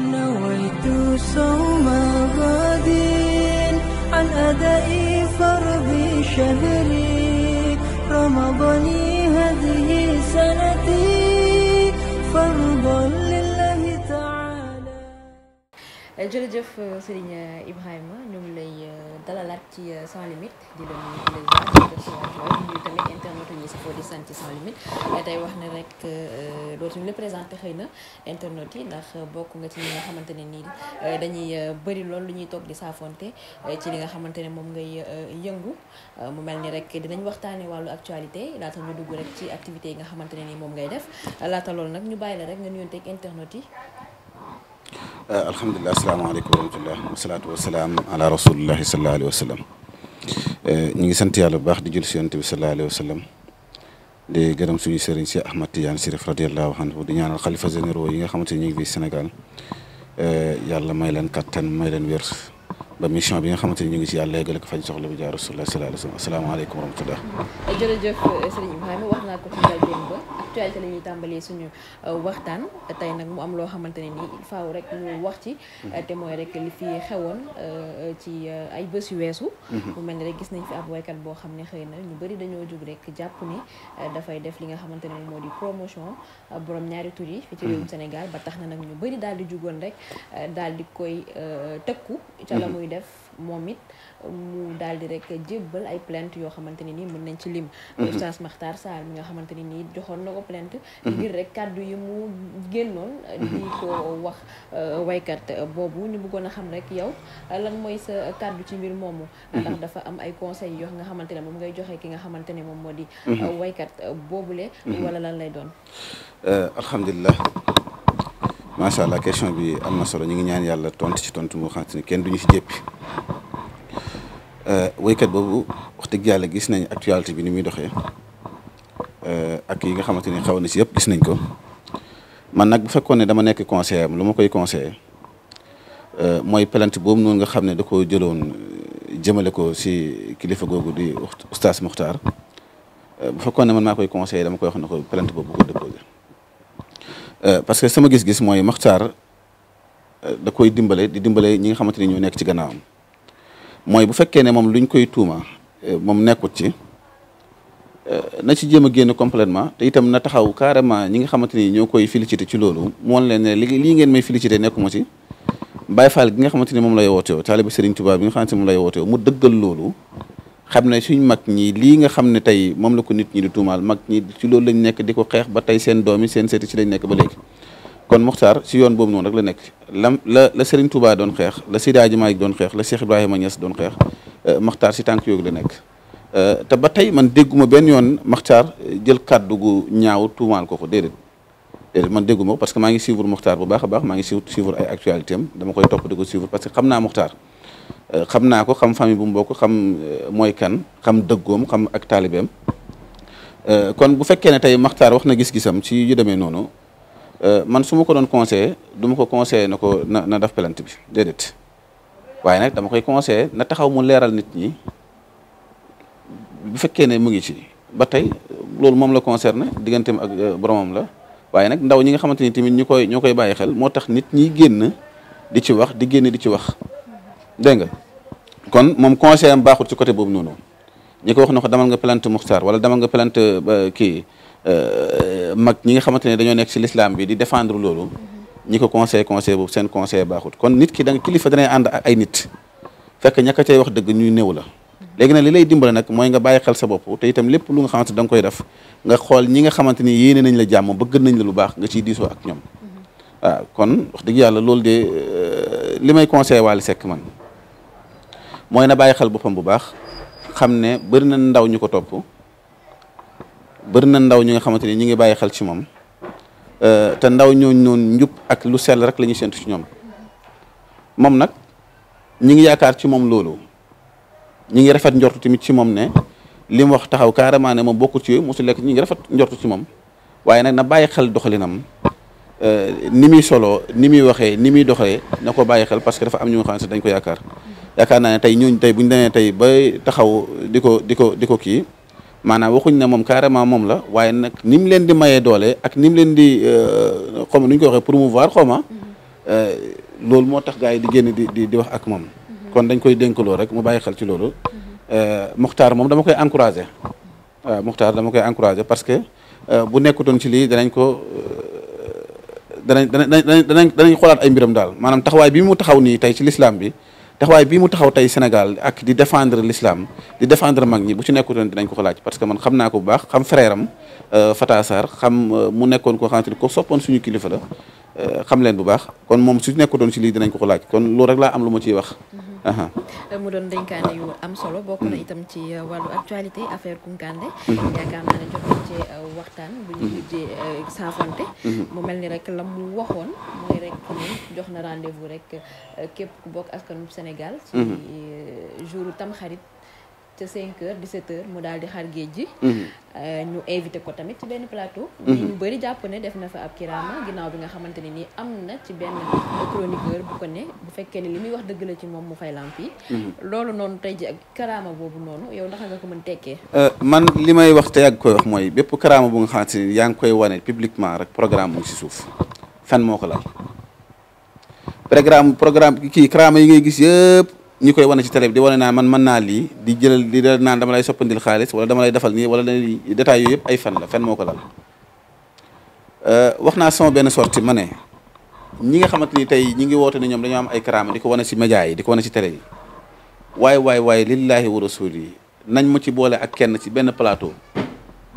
نويت صوم غد عن أداء فرض شهري رمضان هذه سنتي فرضا لله تعالى jërëjëf Serigne Ibrahima ñu ngi lay dalalaat euh, ci sans limite di la nuyu di la ziar di la nuyu sant ci sans tey wax na rek euh, dootuñu la présenté xëy na internet yi ndax bokk nga ci ñi nga xamante ne nii euh, dañuy bëri lool lu ñuy toog di saafonte ci li nga xamante ne moom ngay yëngu mu mel ni rek dinañ waxtaanee wàllu actualité laata ñu dugg rek ci activité yi nga xamante ne nii moom ngay def laata lool nag ñu bàyyi la rek nga nuyonteeg internet yi. Eh, alhamdulilah asalaamaaleykum wa rahmatulah wasalaatu wasalaam ala rasulillahi sallallahu alayhi wa sallam eh, ñu ngi sant yàlla bu baax di jul si bi sallallahu alayhi wa sallam di gërëm suñu sëriñ si Ahmad Tidiane Chérif radiyallahu anhu di ñaanal xalifa généraux yi nga xamante ne ñu ngi fii Sénégal eh, yàlla may leen kattan may leen wér ba mission bi nga xamante ni ñu ngi si yàlla yeggale ko fañ soxla bi jaar rasulullah sallallahu alayhi wa sallam asalaamaaleykum wa naa ko xamal démb actualité la ñuy tàmbalee suñu euh, waxtaan tey nag mu am loo xamante ne nii il faut rek wax ci. Mm-hmm. te mooy rek li fi xewoon euh, ci euh, ay bés yu weesu. Mm-hmm. mu mel ni rek gis nañ fi ab waykat boo xam ne xëy na ñu bëri dañoo jug rek jàpp ni dafay def li nga xamante ne moo di promotion borom ñaari tur yi. fi ci réewum mm-hmm. Sénégal ba tax na nag ñu bëri daal di jugoon rek daal di koy tëkku. ca la muy def. moom it mu daal di rek jébbal ay plainte yoo xamante ne nii mën nañ ci lim mhm. Oustaz maxtar Sarr bi nga xamante ne nii joxoon na ko plainte mhm. ngir rek kàddu yi mu génnoon mhm. di ko wax euh, waykat boobu ñu bëggoon a xam rek yow lan mooy sa kàddu ci mbir moomu ndax dafa am ay conseils yoo nga xamante ne moom ngay joxe ki nga xamante ne moom moo di euh, waykat boobule wala lan lay doon euh, alhamdulilah macha allah question bi am na solo ñu ngi ñaan yàlla tontu ci tontu mu xam ne kenn duñu ci jéppi Euh, waykat boobu wax dëgg yàlla gis nañ actualité bi ni muy doxee euh, ak yi nga xamante ni xaw na si yëpp gis nañ ko man nag bu fekkoon ne dama nekk conseil am lu ma koy conseiller euh, mooy plainte boobu noonu nga xam ne da ko jëloon jëmale ko si kilifa googu di oustaz Mokhtar bu fekkoon ne man maa koy conseiller dama koy wax ne ko plainte boobu ko déposé parce que sama gis-gis mooy Mokhtar da koy dimbale di dimbale ñi nga xamante ni ñoo nekk ci gannaawam. mooy bu fekkee ne moom luñ koy tuuma eh, moom nekkut ci eh, na ci jéem a génn complètement te itam na taxaw carrément ñi nga xamante ni ñoo koy félicité ci loolu moon leen ne li lii ngeen may félicité nekkuma ci Baye Fall gi nga xamante ni moom lay wootewoo taaliba Serigne Touba bi nga xamante ni moom la wootewoo mu dëggal loolu xam ne suñ mag ñi lii nga xam ne tey moom la ko nit ñi di tuumaal mag ñi ci loolu lañ nekk di ko xeex ba tey seen doomi seen seeti ci lañ nekk ba léegi kon Muxtaar si yoon boobu noonu rek la nekk lam la la Serigne Touba doon xeex la Seydi Hadji Malick doon xeex la Cheikh Ibrahima Niass doon xeex euh, Muxtaar si tànk yooyu la nekk euh, te ba tey man dégguma benn yoon Muxtaar euh, jël kàddu gu ñaaw tuumaal ko ko déedéet déedéet man dégguma ko parce que maa ngi suivre Muxtaar bu baax a baax maa ngi suivre ay actualité am dama koy topp di ko suivre parce que xam naa Muxtaar xam naa ko xam famille bu mu bokk xam mooy kan xam dëggoom xam ak taalibeem kon bu fekkee ne tey Muxtaar wax na gis-gisam ci yu demee noonu Euh, man su ma ko doon conseillé duma ko conseillé na ko na na def plainte bi déedéet waaye nag dama koy conseillé na taxaw mu leeral nit ñi bu fekkee ne mu ngi ci ba tey loolu moom la concerné digganteem ak euh, boromam la waaye nag ndaw ñi nga xamante ni tamit ñu koy ñoo koy bàyyi xel moo tax nit ñi génn di ci wax di génn di ci wax dégg nga kon moom conseil am baaxul ci côté boobu noonu ñi ko wax na ko demal nga plainte Muxtaar wala demal nga plainte euh, kii mag ñi nga xamante ne dañoo nekk ci lislaam bi di defendre loolu ñi ko conseil conseil boobu seen conseil baaxut kon nit ki da nga kilifa danay ànd ak ay nit fekk ña ka cay wax dëgg ñuy néew la léegi nag li lay dimbale nag mooy nga bàyyi xel sa bopp te itam lépp lu nga xamante da nga koy def nga xool ñi nga xamante ni yéene nañ la jàmm bëgg nañ la lu baax nga ciy diisoo ak ñoom waaw kon wax dëgg yàlla loolu de euh, li may conseil Wally Seck man mooy na bàyyi xel boppam bu baax xam ne bëri na ndaw ñu ko topp bëri na ndaw ñi nga xamante ni ñu ngi bàyyi xel ci moom euh, te ndaw ñooñu noonu njub ak lu sel rek la ñuy ci ñoom moom nag ñi ngi yaakaar ci moom loolu ñi ngi rafet njortu tamit ci moom ne li mu wax taxaw carrément ne moom bokkul ci yooyu mosu lekk ñi ngi rafet njortu ci moom waaye nag na bàyyi xel doxalinam euh, ni muy solo ni muy waxee ni muy doxee na ko bàyyi xel parce que dafa am ñu nga xam ne dañ ko yaakaar yaakaar naa ne tey ñooñu tey bu ñu demee tey ba taxaw di ko di ko di ko kii maanaam waxuñ na moom carrément moom la waaye nag ni mu leen di mayee doole ak ni mu leen di euh, xaw ma nu ñu ko waxee promouvoir xaw ma euh, loolu moo tax gars yi di génn di di wax ak moom. Mm-hmm. kon dañ koy dénkaloo rek mu bàyyi xel ci loolu. Muxtaar mm-hmm. euh, moom dama koy encouragé waaw dama koy encouragé parce que bu nekkutoon ci lii danañ ko danañ danañ danañ danañ xoolaat ay mbiram daal maanaam taxawaay bi mu taxaw nii tey ci lislaam bi. taxawaay bii mu taxaw tey Sénégal ak di défendre l'islam di defendre mag ñi bu ci nekkutoon dinañ ko ko laaj parce que man xam naa ko bu baax xam frère am euh, xam euh, mu nekkoon ko xamante ko soppoon suñu kilifa la xam leen bu baax kon moom su nekkutoon si lii dinañ ko ko laaj kon loolu rek laa am lu ma ciy wax. Mhm. mu doon dénkaane yu am solo bokk na itam ci euh, wàllu actualité affaire Koukandé. Mhm. yaakaar naa ne jot euh, waxtaan bu ñu mhm. euh, mel ni rek la mu waxoon mooy rek jox na rendez rek képp ku bokk askanu Sénégal. ci jouru Tamxarit. ca 5 heures 17 heures mu daal di xar géej ji. Mhm. Euh, ñu invité ko tamit ci benn plateau. mais mhm. ñu bëri jàpp ne def na fa ab kiraama ginnaaw bi nga xamante ne nii am na ci benn chroniqueur bu ko ne bu fekkee ne li muy wax dëgg la ci moom mu fay lamp yi. Mhm. loolu noonu tey ji ak karaama boobu noonu yow ndax nga ko mën tekkee. Euh, man li may wax te yàgg koy wax mooy bépp karaama bu nga xamante ni yaa ngi koy wane publiquement rek programme mu ngi si suuf fan moo ko ñi koy wane ci télé bi di wane naa man mën naa lii di jëlal di dal naan dama lay soppandil xaalis wala dama lay defal nii wala détails yooyu yëpp ay fen la fen moo ko lal euh, wax naa sama benn sortie ma ne ñi nga xamante ni tey ñi ngi woote ne ñoom dañoo am ay karaama di ko wane ci média yi di ko wane ci télé yi waaye waay waaye lillaahi wa rasuuli nañ ma ci boole ak kenn ci benn plateau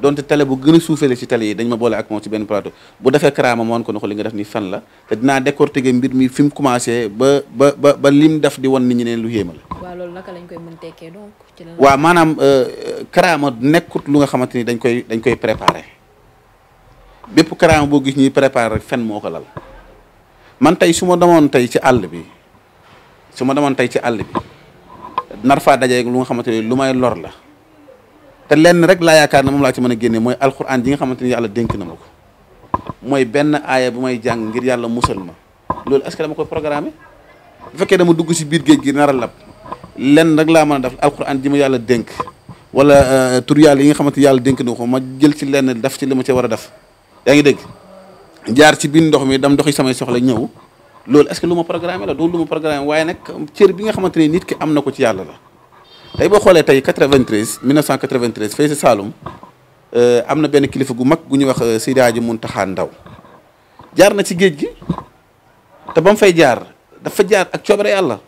donte télé bu gën a suufee la ci télé yi dañ ma boole ak moom ci benn plateau bu defee karaama moon ko ne li nga def ni fan la te dinaa décortiquer mbir mi fi mu commencé ba ba ba ba lim def di wan nit ñi ne lu yéema la. waaw loolu naka tekkee donc. ci maanaam euh, karaama nekkut lu nga xamante ni dañ koy dañ koy préparé bépp karaama boo gis ñuy préparé rek fen moo ko lal man tey su ma demoon tey ci àll bi su ma demoon tey ci àll bi nar faa dajeeg lu nga xamante ni lu may lor la. te lenn rek laa yaakaar ne moom laa ci mën a génne mooy alxuraan ji nga xamante ni yàlla dénk na ma ko mooy benn aaya bu may jàng ngir yàlla musal ma loolu est que dama koy programmer bu fekkee dama dugg si biir géej gi nar a lab lenn rek laa mën a def alxuraan ji ma yàlla dénk wala euh, tur yàlla yi nga xamante yàlla dénk na ko ma jël ci lenn def ci li ma ci war a def yaa ngi dégg jaar ci biir ndox mi dam ndoxi samay soxla ñëw loolu est-ce lu ma programmer la doo lu ma programmer waaye nag cër bi nga xamante ne nit ki am na ko ci yàlla la tey boo xoolee tey 93 1993 fay si Saalum euh, am na benn kilifa gu mag gu ñuy wax euh, Seydi mun taxaan Ndaw jaar na ci géej gi te ba mu fay jaar dafa jaar ak coobare yàlla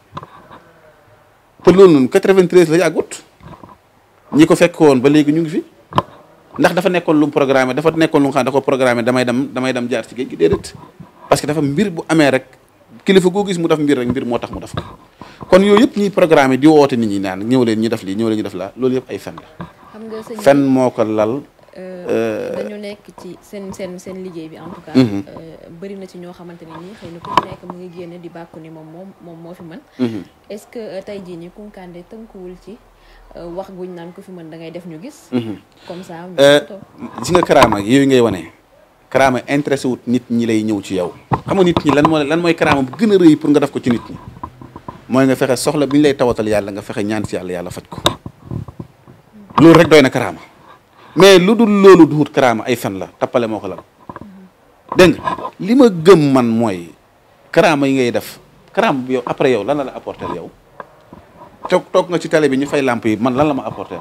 te loolu noonu 93 la yàggut ñi ko fekk woon ba léegi ñu ngi fi ndax dafa nekkoon lu mu dafa nekkoon lu nga xam ne ko programmé damay dem damay jaar ci géej gi déedéet parce que dafa mbir bu amee rek kilifa goo gis mu def mbir mbir moo tax mu def ko kon yooyu yëpp ñuy programme di woote nit ñi naan ñëw leen ñu def lii ñëw leen ñu def laa loolu yëpp ay fen la. xam nga sëñ fen moo ko lal. Euh, euh, dañu nekk ci seen seen seen liggéey bi en tout cas. Mhm. Euh, bëri na ci ñoo xamante ne nii xëy na ku nekk di bàkku ni moom moom moom moo fi mën. Mhm. est-ce que tey jii nii Kounkandé tënkuwul ci wax guñ naan ku fi mën da ngay def ñu gis. Mhm. comme ça. gis nga karaama yooyu ngay wane. karaama intéressé wut nit ñi lay ñëw ci yow xam nga nit ñi lan moo lan mooy karaama bu gën a rëy pour nga def ko ci nit ñi mooy nga fexe soxla bi ñu lay tawatal yàlla nga fexe ñaan si yàlla yàlla faj ko loolu rek doy na karaama mais lu dul loolu duhut karaama ay fen la tappale moo ko lan dégg nga li ma gëm man mooy karaama yi ngay def karaama bu yow après yow lan la la apporter yow toog toog nga ci télé bi ñu fay làmp yi man lan la ma apporter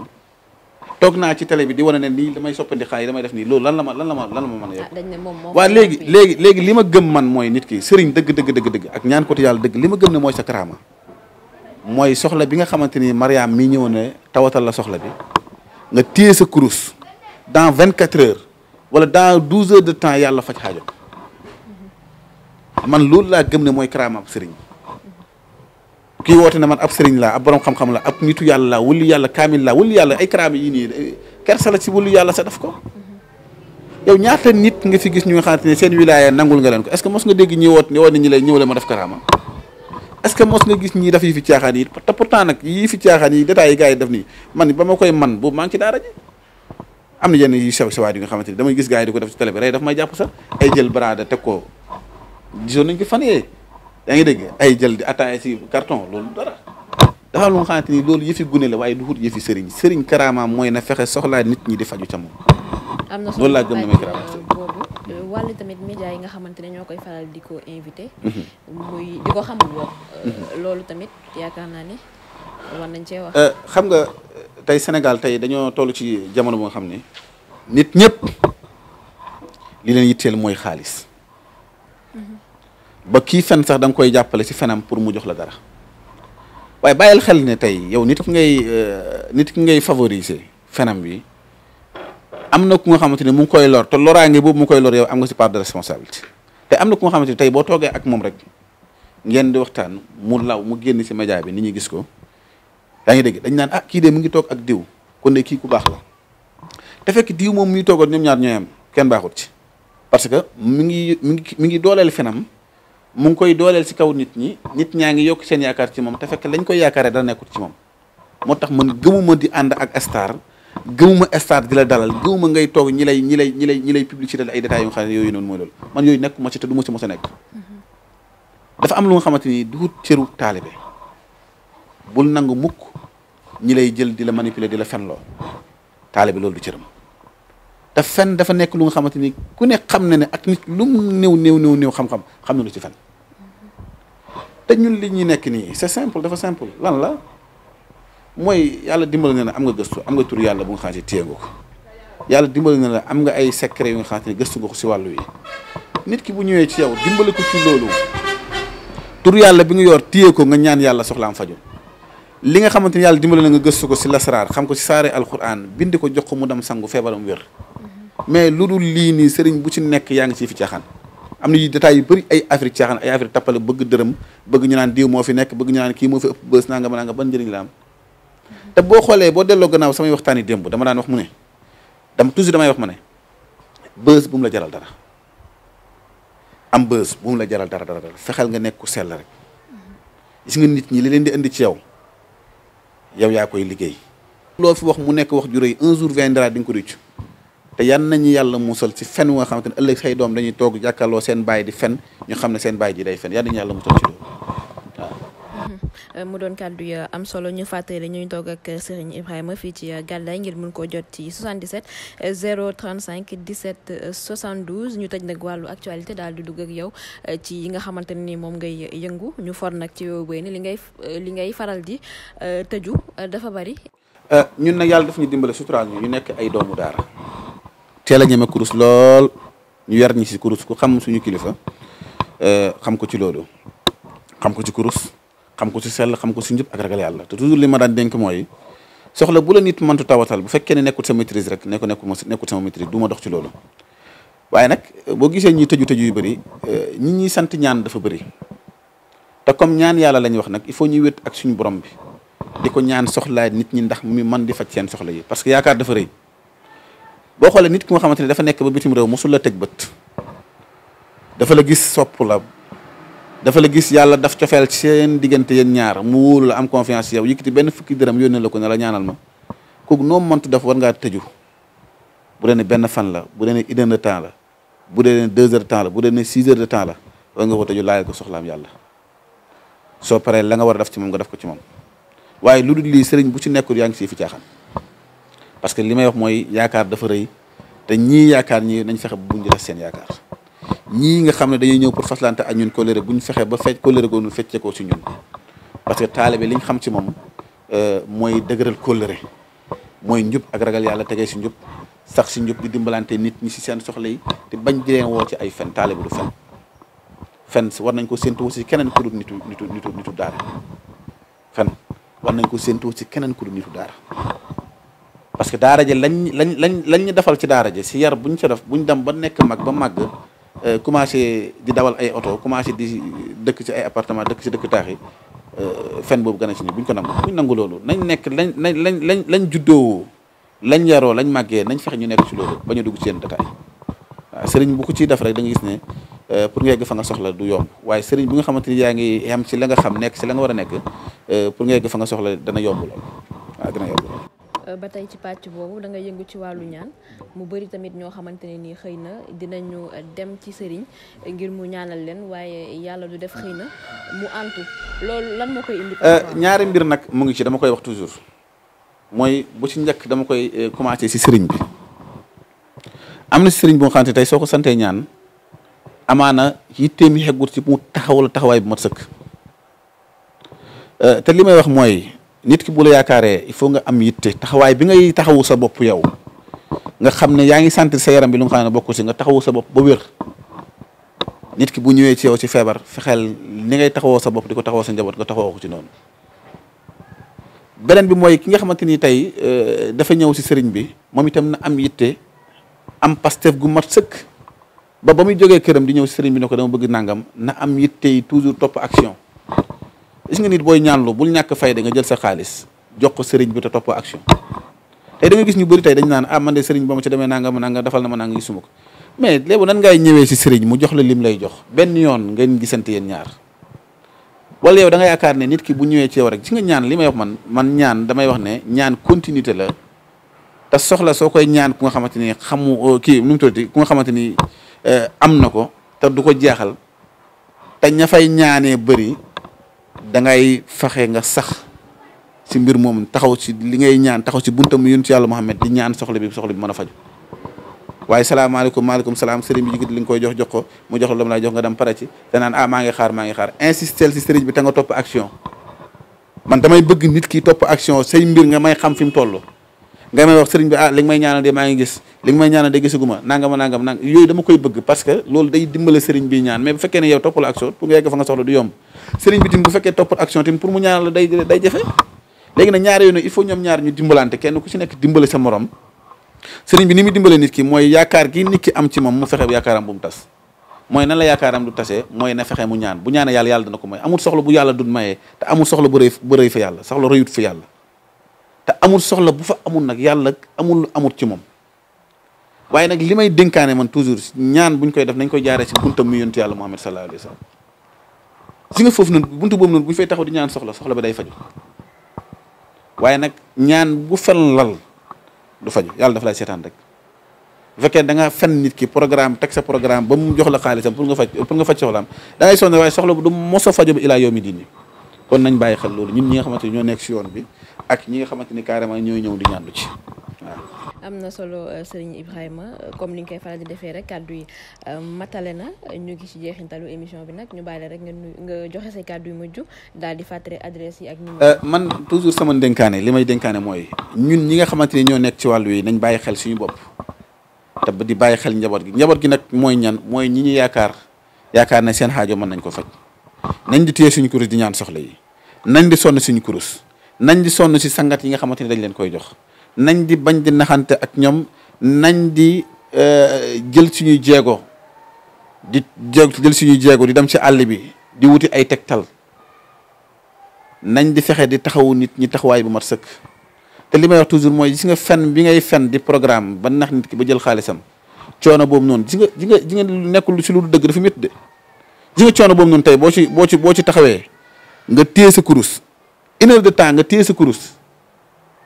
toog naa ci tele bi di wane ne nii damay soppandi xaay damay def nii loolu lan la ma lan la ma lan la ma a yokk ah, waaw léegi léegi léegi li ma gëm man mooy nit ki sëriñ dëgg dëgg dëgg dëgg ak ñaan ko ti li ma gëm ne mooy sa karaama mooy soxla bi nga xamante ni Mariam mii ñëwoon ne tawatal la soxla bi nga téye sa kurus dans vingt quatre heures wala dans douze heures de temps yàlla faj xaajo man loolu laa gëm ne mooy karaama ab sëriñ kii woote na man ab sëriñ laa ab borom xam-xam la ab nitu yàlla laa wulli yàlla kaamil laa wulli yàlla ay karaama yi nii kersa la si wulli yàlla sa def ko yow ñaata nit nga fi gis ñu nga xamante ne seen wilaaya leen ko est-ce que mos nga fi caaxaan yi te pourtant nag yii fi caaxaan yi détails yi gars yi def nii man ba ma koy man boobu maa ngi ci daara ji am na yenn yu sew sewaat yi nga xamante ne damay gis gars yi di ko def ci télé bi rey daf may jàpp sax ay jël baraada teg ko gisoon nañ ko fan yee yaa ngi dégg ay jël di ataaya si carton loolu dara dafa nga xamante loolu yëfi gune la waaye du xut yëfi sëriñ sëriñ karaamaam mooy na fexe soxlaa nit ñi di faju ca am na loolu laa gëm ne euh, yi nga xamante ne ñoo koy faral di ko invité. Mhm. muy di ko xamul mhm. euh, loolu tamit yaakaar naa ne war nañ cee euh, xam nga tey Sénégal tey dañoo toll ci jamono boo xam ne nit ñëpp li leen yitteel mooy xaalis. ba kii fen sax danga koy jàppale si fenam pour mu jox la dara waaye bàyyil xel ne tey yow nit ki ngay euh, nit ki ngay favoriser fenam bi am na ku nga xamante ne mu ngi koy lor te loraange boobu mu koy lor yow am nga ci part de responsabilité am na ku nga xamante ne tey boo toogee ak moom rek ngeen di waxtaan mu law mu génn ci média bi ni ñuy gis ko yaa ngi dégg dañ naan ah kii de mu ngi toog ak diw kon de kii ku baax la te fekk diw moom muy toogoon ñoom ñaar ñooy kenn baaxut ci parce que mu ngi mi mi ngi dooleel fenam mu ngi koy dooleel si kaw nit ñi nit ñaa ngi yokk seen yaakaar ci moom te fekk lañ koy yaakaaree dana nekkut ci moom moo tax man gëmuma di ànd ak star gëmuma star di la dalal gëmuma ngay toog ñi lay ñi lay ñi lay ñi lay publicité ay détails yu nga xam ne yooyu noonu mooy loolu man yooyu nekk ma ci te du ma ci mos nekk mm-hmm. dafa am lu nga xamante ni du cëru taalibe bul nangu mukk ñi lay jël di la manipuler di la fen fenloo taalibe loolu du cëram te fen dafa nekk lu nga xamante ni ku nekk xam na ne ak nit lu mu néew néew néew néew xam-xam xam na lu ci fen te ñun li ñu nekk nii c'est simple dafa simple lan la mooy yàlla dimbal na ne am nga gëstu am nga tur yàlla bu nga xamante ni téye ko yàlla dimbali na la am nga ay secret yu nga xamante ni gëstu nga ko si wàllu yi nit ki bu ñëwee ci yow dimbali ko ci loolu tur yàlla bi nga yor téye ko nga ñaan yàlla soxlaam faju li nga xamante ni yàlla dimbali na nga gëstu ko ci la saraar xam ko si saare alquran bind ko jox ko mu dem sangu feebaram wér mais lu dul lii nii sëriñ bu ci nekk yaa ngi ciy fi caaxaan am na yu détails yu bëri ay afrique caaxaan ay afrique tappale bëgg dërëm bëgg ñu naan diw moo fi nekk bëgg ñu naan kii moo fi ëpp bës naa nga mën nga ban njëriñ la te boo xoolee boo delloo gannaaw samay waxtaani démb dama daan wax mu ne dama toujours damay wax ma ne bës bu la jaral dara am bës bu la jaral dara dara fexeel nga nekk ku sell rek gis nga nit ñi li leen di indi ci yow yow yaa koy liggéey. loo fi wax mu nekk wax ju un jour viendra di nga ko rëccu te yan nañu yàlla musal ci fen nga xamante ne ëllëg say doom dañuy toog jàkkaarloo seen baay di fen ñu xam ne seen baay ji day fen yan nañu yàlla musal ci loolu. Euh, mu doon kàddu yu am solo ñu fàttali ñu toog ak Serigne Ibrahima fii ci Gàddaay ngir mun koo jot ci 77 035 17 72 ñu tëj nag wàllu actualité daal di dugg ak yow euh, ci yi nga xamante ne ni moom ngay yëngu ñu for nag ci yow béy ni li ngay euh, li ngay faral di tëju dafa bari. ñun nag yàlla daf ñu dimbale suturaal ñu ñu nekk ay doomu daara teela a ñeme kurus lool ñu yar ñi si kurus ku xam suñu kilifa xam ko ci loolu xam ko ci kurus. xam ko si sell xam ko si njub ak ragal yàlla te toujours li ma daan dénk mooy soxla bu la nit mëntu tawatal bu fekkee ne nekkul sa maîtrise rek ne ko nekkul nekkul sama dox ci loolu waaye nag boo gisee ñi tëju tëju yu bëri euh, ñi ñuy sant ñaan dafa bëri te comme ñaan yàlla la ñuy wax nag il faut ñuy wét ak suñu borom bi di ko ñaan soxlaa nit ñi ndax mi man di faj seen soxla yi parce que yaakaar dafa rëy boo xoolee nit ki nga xamante ne dafa nekk ba bitim réew mosul la teg bët dafa la gis sopp la dafa la gis yàlla daf cofeel seen diggante yéen ñaar mu wóolu la am confiance yow yëkkati benn fukki dërëm yónnee la ko na la ñaanal ma kook noo mënti def war ngaa tëju bu dee ne benn fan la bu dee ne une heure de temps la bu dee ne deux heures de temps la bu dee ne de temps la nga ko tëju laajal ko soxlaam yàlla soo paree la nga war a def ci moom nga def ko ci moom waaye lu du lii sëriñ bu ci nekkul yaa ngi si fi caaxaan parce que li may wax mooy yaakaar dafa rëy te ñii yaakaar ñii nañ fexe bu buñ def seen yaakaar ñii nga xam ne dañuy ñëw pour faslante ak ñun colère bu ñu fexe ba fecc colère nu fecce ko si ñun parce que taalibe li ñu xam ci moom euh, mooy dëgëral colère mooy njub ak ragal yàlla tegee si njub sax si njub di dimbalante nit ñi si seen soxlay te bañ di woo ci ay fen taalibe du fen fen war nañ ko séntu si keneen ku nitu nitu nitu nitu daara fen war nañ ko séntu si keneen ku dul nitu daara parce que daara ja lañ lañ lañ lañ ñu defal ci daara ja si yar buñ ca def buñ dem ba nekk mag ba màgg Euh, commencé di dawal ay oto commencé di dëkk ci ay appartement dëkk ci dëkk taax yi euh, fen boobu gën a si ñu buñ ko nangu buñ nangu loolu nañ nekk lañ lañ lañ lañ lañ juddoo lañ yaroo lañ màggee nañ fexe ñu nekk ci loolu ba ñu dugg ci seen détail waaw sëriñ bu ko ciy def rek da gis ne euh, pour nga yegg fa nga soxla du yomb waaye sëriñ bu nga xamante ni yaa ngi yem ci la nga xam nekk ci la nga war a nekk pour nga yegg fa nga soxla dana yomb lool waaw dana yomb Euh, ba tey ci pàcc boobu da nga yëngu ci wàllu ñaan mu bëri tamit ñoo xamante ne nii xëy na dinañu dem ci sëriñ ngir mu ñaanal leen waaye yàlla du def xëy na mu antu loolu lan moo koy indi. Euh, ñaari mbir nag mu ngi ci dama koy wax toujours mooy bu ci njëkk dama koy euh, commencé si sëriñ bi am na si sëriñ bu nga xamante tey soo ko santee ñaan amaana yitteem yi xeggut si mu taxawal taxawaay bu ma sëkk te li may wax mooy. nit ki bu la yaakaaree il faut nga am yitte taxawaay bi ngay taxawu sa bopp yow nga xam ne yaa ngi sentir sa yaram bi lu nga xam ne bokku si nga taxawu sa bopp ba wér nit ki bu ñëwee ci yow ci feebar fexeel ni ngay taxawoo sa bopp di ko taxawoo sa njaboot nga taxawoo ko ci noonu beneen bi mooy ki nga xamante ni tey euh, dafa ñëw si sëriñ bi moom itam na am yitte am pastef gu mat sëkk ba ba muy jógee këram di ñëw si sëriñ bi ne ko dama bëgg nangam na am yitte yi toujours topp action gis nga nit booy ñaanlu bul ñàkk fayda nga jël sa xaalis jox ko sëriñ bi te topp action tey da gis ñu bëri tey dañ naan ah man de sëriñ ba ma ci demee nanga ma nanga defal na ma nanga gisuma ko mais léegi nan ñëwee si sëriñ mu jox la lim lay jox benn yoon ngeen gisante yéen ñaar wala yow da nga yaakaar ne nit ki bu ñëwee ci yow rek ci nga ñaan li may wax man man ñaan damay wax ne ñaan continuité la te soxla soo koy ñaan ku nga xamante ni xamu euh, kii nu mu tuddati ku nga xamante ni euh, am na ko te du ko jeexal te ña fay ñaanee bëri da ngay fexe nga sax ci mbir moom taxaw ci li ngay ñaan taxaw ci buntam yonent ci yàlla Muhammad di ñaan soxla bi soxla bi mën a faju waaye salaamaaleykum maaleykum salaam sëriñ bi jigit li nga koy jox jox ko mu jox la mu lay jox nga dem pare ci danaan ah maa ngi xaar maa ngi xaar insistel ci sëriñ bi te nga topp action man damay bëgg nit ki topp action say mbir nga may xam fi mu toll nga may wax sëriñ bi ah li nga may ñaanal de maa ngi gis li nga may ñaanal de gisuguma nangama nangam nang yooyu dama koy bëgg parce que loolu day dimbale sëriñ bi ñaan mais bu fekkee ne yow sëriñ bi din bu fekkee topp action tim pour mu ñaanal la day day jafe léegi nag ñaar yooyu nag il faut ñoom ñaar ñu dimbalante kenn ku ci nekk dimbale sa morom sëriñ bi ni muy dimbale nit ki mooy yaakaar gi nit ki am ci moom mu fexe yaakaaram bu mu tas mooy na la yaakaaram du tase mooy na fexe mu ñaan bu ñaanee yàlla yàlla dana ko may amul bu yàlla du mayee te amul soxla bu rëy bu rëy fa yàlla soxla rëyut fa yàlla bu fa amul nag yàlla amul amut ci moom waaye nag li may dénkaane man toujours ñaan buñ koy def nañ koy jaaree ci buntam mu yontu yàlla Muhammad sallallahu si nga foofu noonu buntu boobu noonu bu ñu fay taxaw di ñaan soxla soxla ba day faju waaye nag ñaan bu fen lal du faju yàlla dafa lay seetaan rek bu fekkee da fen nit ki programme teg sa programme ba mu jox la xaalisam pour nga faj pour nga faj soxlaam da ngay sonn waaye soxla bu du moso fajo ba ilaa yawmi diin kon nañ bàyyi xel loolu ñun ñi nga xamante ni ñoo nekk si yoon bi ak ñi nga xamante ni carrément ñooy ñëw di ñaandu ci waaw am na solo euh, sëriñ Ibrahima euh, comme li ñu koy faral di defee rek kàddu yi euh, matale na ñu ngi ci jeexintalu émission bi nag ñu bàyyi rek nga nuyu nga joxe say kàddu yu mujj daal di fàttali adresse yi ak. man toujours sama dénkaane li may denkaane mooy ñun ñi nga xamante ni ñoo nekk ci wàllu yi nañ bàyyi xel suñu bopp te di bàyyi xel njaboot gi njaboot gi nag mooy ñan mooy ñi ñu yaakaar yaakaar na seen xaajo mën nañ ko faj nañ di téye suñu kurus di ñaan soxla yi nañ di sonn suñu kurus nañ di sonn si sangat yi nga xamante ni dañ leen koy jox nañ di bañ di naxante ak ñoom nañ di euh, jël suñuy jéego di jël suñuy jéego di dem si àll bi di wuti ay tegtal nañ di fexe di taxawu nit ñi taxawaay bu mat sëkk te li may wax toujours mooy gis nga fen bi ngay fen di programme ba nax nit ki ba jël xaalisam coono boobu noonu gis nga ji nga ji nga nekkul si lu dëgg dafa métti de gis nga coono boobu noonu tey boo ci boo ci boo ci taxawee nga téye sa kurus une de temps nga téye sa kurus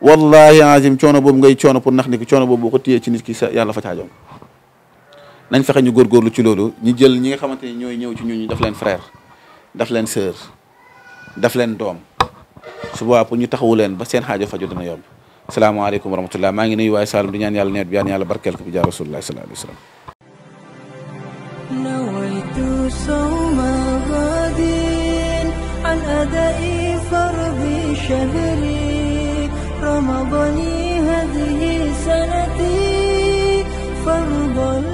wallahi azim coono boobu ngay coono pour nax ni ki coono boobu boo ko téyee ci nit ki yàlla fa caajoom nañ fexe ñu góorgóorlu ci loolu ñu jël ñi nga xamante ni ñooy ñëw ci ñun ñu daf leen frère daf leen sœur daf leen doom su pour ñu taxawu leen ba seen xaajo fajo faju dina yomb salaamaaleykum wa rahmatullah maa ngi nuyu waaye Saalum di ñaan yàlla nawet bi yaan yàlla barkeel ko bi jaar rasulullah sallallahu alayhi wa sallam نويت صوم غد رمضني هذه سنتي فارض